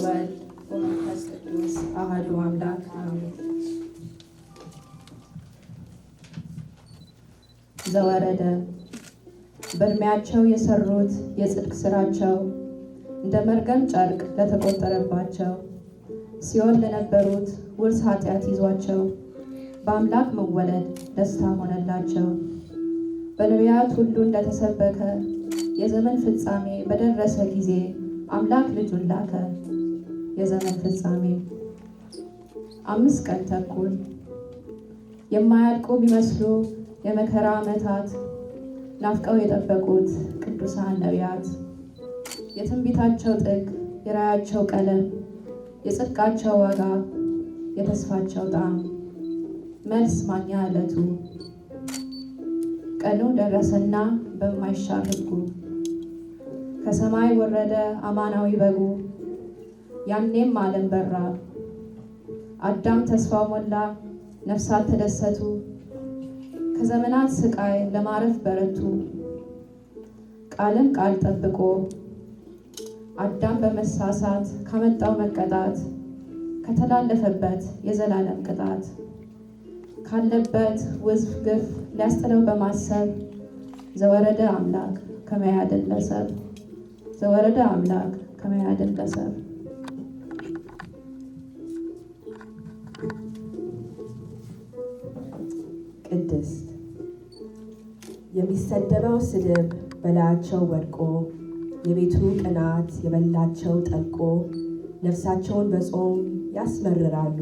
ወወልድ ወመንፈስ ቅዱስ አሐዱ አምላክ አሜን። ዘወረደ በእድሜያቸው የሰሩት የጽድቅ ስራቸው እንደ መርገም ጨርቅ ለተቆጠረባቸው ሲሆን ለነበሩት ውርስ ኃጢአት ይዟቸው በአምላክ መወለድ ደስታ ሆነላቸው። በነቢያት ሁሉ እንደተሰበከ የዘመን ፍጻሜ በደረሰ ጊዜ አምላክ ልጁን ላከ። የዘመን ፍጻሜ አምስት ቀን ተኩል የማያልቁ ቢመስሉ የመከራ ዓመታት ናፍቀው የጠበቁት ቅዱሳን ነቢያት የትንቢታቸው ጥግ፣ የራያቸው ቀለም፣ የጽድቃቸው ዋጋ፣ የተስፋቸው ጣዕም መልስ ማግኛ ዕለቱ ቀኑ ደረሰና በማይሻር ሕጉ ከሰማይ ወረደ አማናዊ በጉ ያኔም ዓለም በራ። አዳም ተስፋ ሞላ፣ ነፍሳት ተደሰቱ፣ ከዘመናት ስቃይ ለማረፍ በረቱ። ቃልም ቃል ጠብቆ አዳም በመሳሳት ካመጣው መቀጣት ከተላለፈበት የዘላለም ቅጣት ካለበት ውዝፍ ግፍ ሊያስጥለው በማሰብ ዘወረደ አምላክ ከመያደለሰብ ዘወረደ አምላክ ከመያደለሰብ ቅድስት የሚሰደበው ስድብ በላያቸው ወድቆ የቤቱ ቅናት የበላቸው ጠልቆ ነፍሳቸውን በጾም ያስመርራሉ።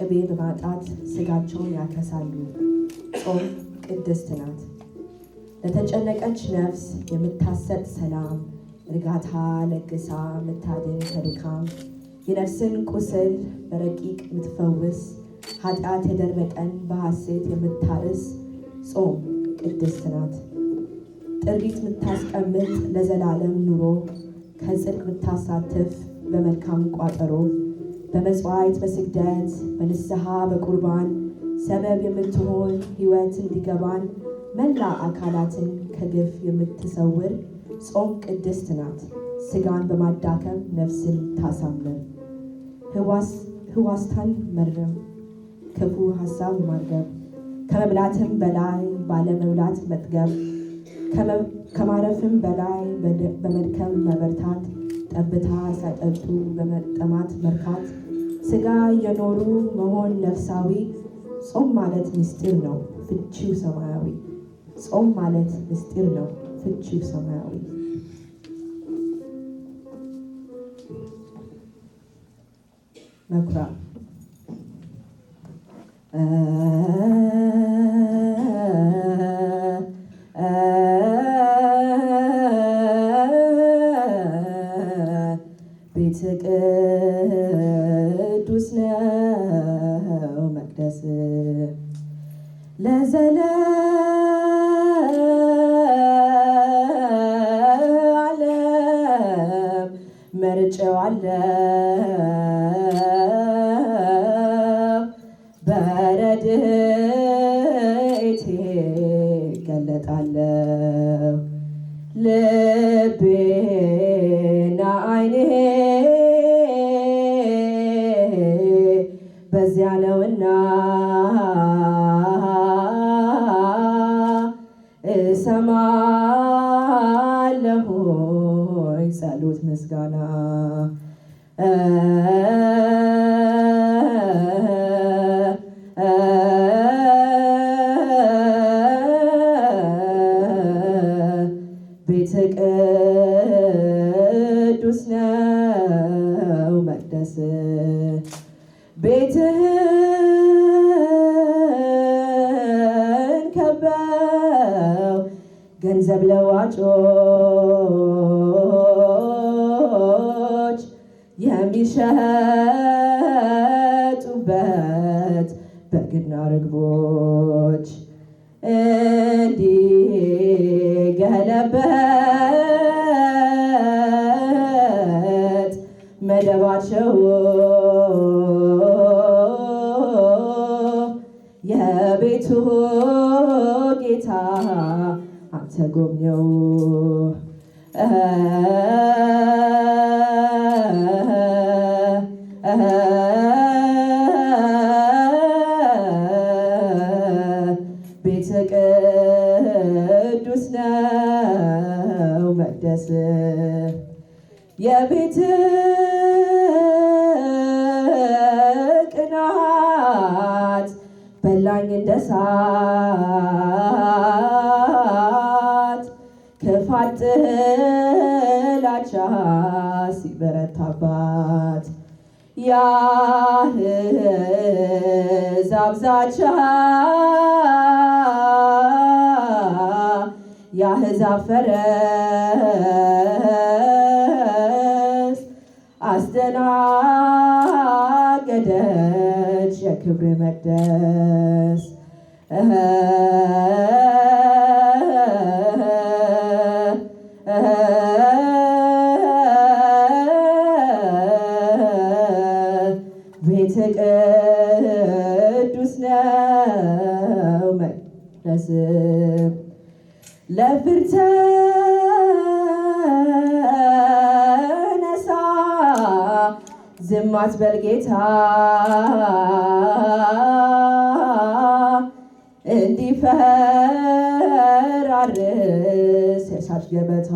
ቅቤ በማጣት ስጋቸውን ያከሳሉ። ጾም ቅድስት ናት። ለተጨነቀች ነፍስ የምታሰጥ ሰላም እርጋታ ለግሳ ምታድን ከድካም የነፍስን ቁስል በረቂቅ የምትፈውስ ኃጢአት የደረቀን በሐሴት የምታርስ ጾም ቅድስት ናት። ጥሪት የምታስቀምጥ ለዘላለም ኑሮ ከጽድቅ የምታሳትፍ በመልካም ቋጠሮ በመጽዋዕት በስግደት በንስሐ በቁርባን ሰበብ የምትሆን ሕይወት እንዲገባን መላ አካላትን ከግፍ የምትሰውር ጾም ቅድስት ናት። ስጋን በማዳከም ነፍስን ታሳምር ህዋስታን መርም ክፉ ሀሳብ ማርገብ፣ ከመብላትም በላይ ባለመብላት መጥገብ፣ ከማረፍም በላይ በመድከም መበርታት፣ ጠብታ ሳይጠጡ በመጠማት መርካት፣ ስጋ የኖሩ መሆን ነፍሳዊ። ጾም ማለት ምስጢር ነው ፍቺው ሰማያዊ። ጾም ማለት ምስጢር ነው ፍቺው ሰማያዊ። መኩራ ቤት ቅዱስ ነው መቅደስ በዚያ ነውና እሰማለሁ ጸሎት ምስጋና ቤተ ቅዱስ ነው መቅደስ ቤት ሻጮች የሚሸጡበት በግና ርግቦች እንዲገለበት መደባቸው ተጎብኘው ቤተ ቅዱስ ነው መቅደስ የቤት ቅናት በላኝ እንደሳ ጥላቻ ሲበረታባት ያህዛብ ዛቻ ያህዛብ ፈረስ አስደናገደች የክብር መቅደስ ስብ ለፍርድ ተነሳ፣ ዝም አትበል እንዲፈራርስ የእሳት ገበታ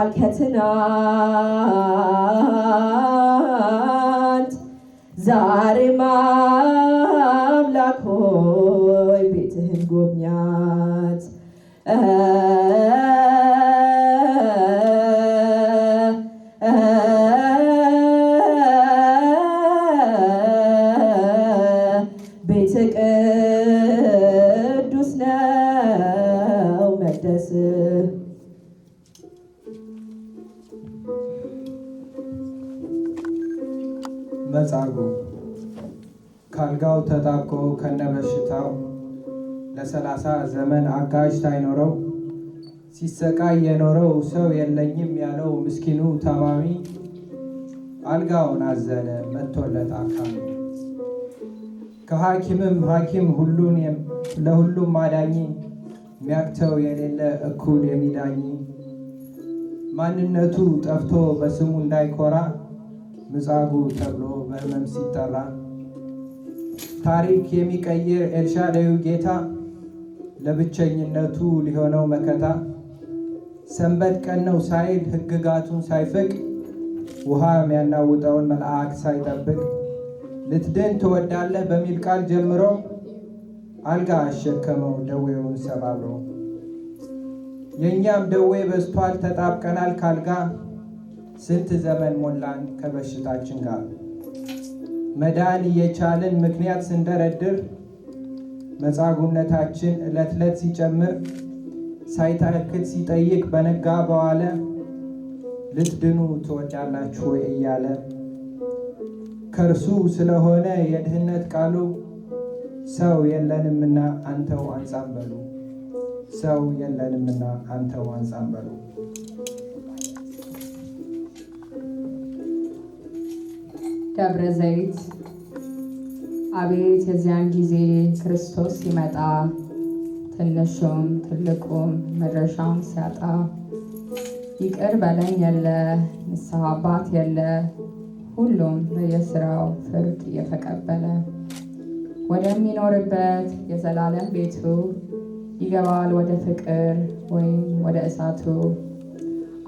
ቀርቷል ከትናንት ዛሬማ አምላክ ሆይ ቤትህን ጎብኛት እ ለሰላሳ ዘመን አጋዥ ሳይኖረው ሲሰቃይ የኖረው ሰው የለኝም ያለው ምስኪኑ ታማሚ አልጋውን አዘለ መጥቶለት አካሚ ከሐኪምም ሐኪም ሁሉን ለሁሉም ማዳኝ ሚያክተው የሌለ እኩል የሚዳኝ ማንነቱ ጠፍቶ በስሙ እንዳይኮራ ምጻጉ ተብሎ በህመም ሲጠራ ታሪክ የሚቀይር ኤልሻዳዩ ጌታ ለብቸኝነቱ ሊሆነው መከታ ሰንበት ቀን ነው ሳይል ሕግጋቱን ሳይፈቅ ውሃ የሚያናውጠውን መልአክ ሳይጠብቅ ልትድን ትወዳለህ በሚል ቃል ጀምሮ አልጋ አሸከመው ደዌውን ሰባብሮ። የእኛም ደዌ በዝቷል ተጣብቀናል ካልጋ ስንት ዘመን ሞላን ከበሽታችን ጋር መዳን እየቻልን ምክንያት ስንደረድር መጻጉነታችን ዕለት ዕለት ሲጨምር ሳይታክት ሲጠይቅ በነጋ በዋለ ልትድኑ ትወዳላችሁ ወይ እያለ ከእርሱ ስለሆነ የድህነት ቃሉ ሰው የለንምና አንተው አንጻን በሉ ሰው የለንምና አንተው አንጻን በሉ። ደብረ ዘይት አቤት የዚያን ጊዜ ክርስቶስ ሲመጣ ትንሹም ትልቁም መድረሻውን ሲያጣ ይቅር በለኝ የለ ንስሐ አባት የለ ሁሉም በየስራው ፍርድ እየተቀበለ ወደሚኖርበት የዘላለም ቤቱ ይገባል ወደ ፍቅር ወይም ወደ እሳቱ።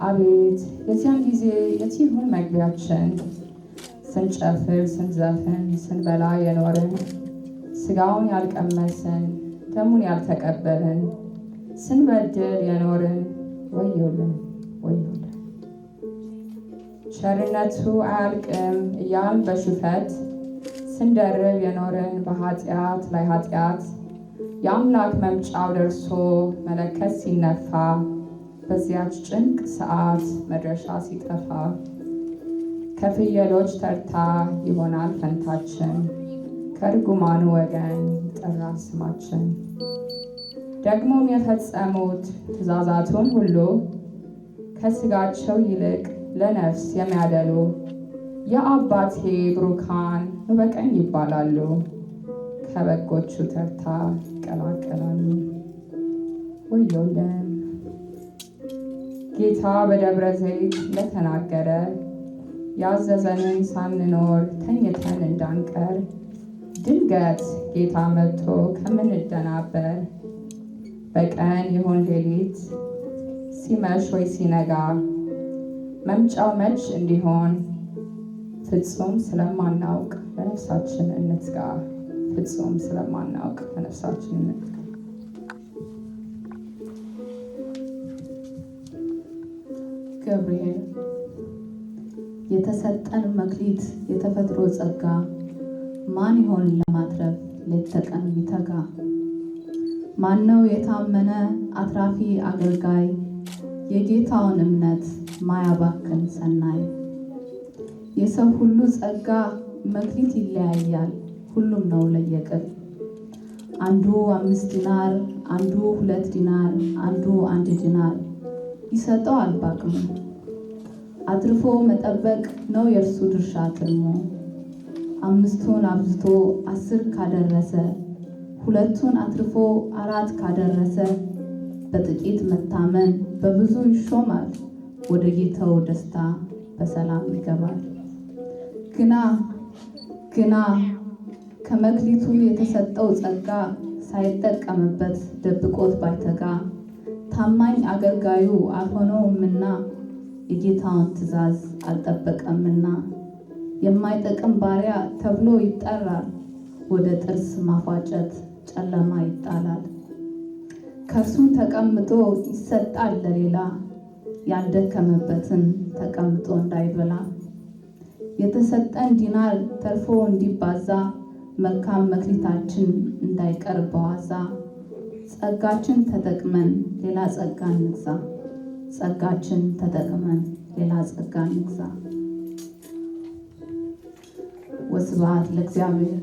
አቤት የዚያን ጊዜ የት መግቢያችን? ስንጨፍር፣ ስንዘፍን፣ ስንበላ የኖርን ስጋውን ያልቀመስን ደሙን ያልተቀበልን ስንበድል የኖርን ወዮልን ወዮልን። ቸርነቱ አያልቅም እያልን በሹፈት ስንደርብ የኖርን በኃጢአት ላይ ኃጢአት የአምላክ መምጫው ደርሶ መለከት ሲነፋ በዚያች ጭንቅ ሰዓት መድረሻ ሲጠፋ ከፍየሎች ተርታ ይሆናል ፈንታችን፣ ከርጉማኑ ወገን ይጠራል ስማችን። ደግሞም የፈጸሙት ትእዛዛቱን ሁሉ ከስጋቸው ይልቅ ለነፍስ የሚያደሉ የአባቴ ብሩካን በቀኝ ይባላሉ፣ ከበጎቹ ተርታ ይቀላቀላሉ። ወዮለን ጌታ በደብረ ዘይት ለተናገረ ያዘዘንን ሳንኖር ተኝተን እንዳንቀር ድንገት ጌታ መጥቶ ከምንደናበር በቀን ይሁን ሌሊት ሲመሽ ወይ ሲነጋ መምጫው መች እንዲሆን ፍጹም ስለማናውቅ በነፍሳችን እንትጋ። ፍጹም ስለማናውቅ በነፍሳችን እንትጋ። ገብርኤል የተሰጠን መክሊት የተፈጥሮ ጸጋ ማን ይሆን ለማትረፍ ሌት ተቀን ማን ነው የታመነ አትራፊ አገልጋይ የጌታውን እምነት ማያባክን ሰናይ? የሰው ሁሉ ጸጋ መክሊት ይለያያል፣ ሁሉም ነው ለየቅል አንዱ አምስት ዲናር፣ አንዱ ሁለት ዲናር፣ አንዱ አንድ ዲናር ይሰጠዋል ባቅሙ አትርፎ መጠበቅ ነው የእርሱ ድርሻ ጥሞ አምስቱን አብዝቶ አስር ካደረሰ ሁለቱን አትርፎ አራት ካደረሰ በጥቂት መታመን በብዙ ይሾማል። ወደ ጌታው ደስታ በሰላም ይገባል። ግና ግና ከመክሊቱ የተሰጠው ጸጋ ሳይጠቀምበት ደብቆት ባይተጋ ታማኝ አገልጋዩ አልሆነውምና የጌታውን ትእዛዝ አልጠበቀምና የማይጠቅም ባሪያ ተብሎ ይጠራል። ወደ ጥርስ ማፋጨት ጨለማ ይጣላል። ከእርሱም ተቀምጦ ይሰጣል ለሌላ ያልደከመበትን ተቀምጦ እንዳይበላ የተሰጠን ዲናር ተርፎ እንዲባዛ መልካም መክሊታችን እንዳይቀር በዋዛ ጸጋችን ተጠቅመን ሌላ ጸጋ እንግዛ። ጸጋችን ተጠቅመን ሌላ ጸጋ እንግዛ። ወስብሐት ለእግዚአብሔር።